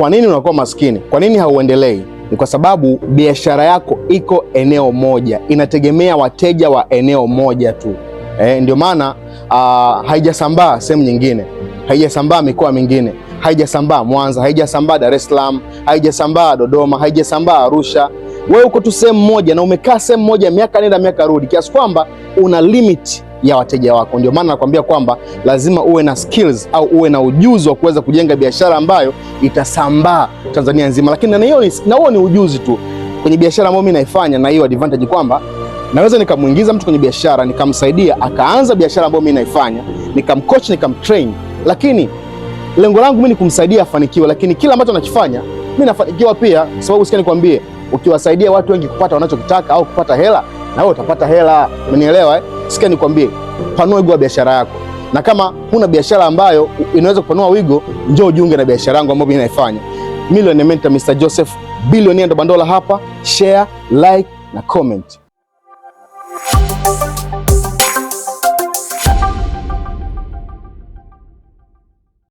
Kwa nini unakuwa maskini? Kwa nini hauendelei? Ni kwa sababu biashara yako iko eneo moja, inategemea wateja wa eneo moja tu. Eh, ndio maana uh, haijasambaa sehemu nyingine, haijasambaa mikoa mingine, haijasambaa Mwanza, haijasambaa Dar es Salaam, haijasambaa Dodoma, haijasambaa Arusha. Wewe uko tu sehemu moja na umekaa sehemu moja miaka nenda miaka rudi, kiasi kwamba una limiti ya wateja wako. Ndio maana nakwambia kwamba lazima uwe na skills au uwe na ujuzi wa kuweza kujenga biashara ambayo itasambaa Tanzania nzima, lakini na huo ni ujuzi tu kwenye biashara ambayo mimi naifanya, na hiyo advantage kwamba naweza nikamuingiza mtu kwenye biashara nikamsaidia akaanza biashara ambayo mimi naifanya, nikamcoach, nikamtrain, lakini lengo langu mimi ni kumsaidia afanikiwe, lakini kila ambacho anachofanya mimi nafanikiwa pia, kwa sababu sikia nikwambie, ukiwasaidia watu wengi kupata wanachokitaka au kupata hela, na wewe utapata hela, umenielewa eh? Sikia nikwambie, panua wigo wa biashara yako, na kama huna biashara ambayo inaweza kupanua wigo, njoo ujiunge na biashara yangu ambayo mimi naifanya. Millionaire Mentor Mr. Joseph, Billionaire ndo Bandola hapa. Share, like na comment.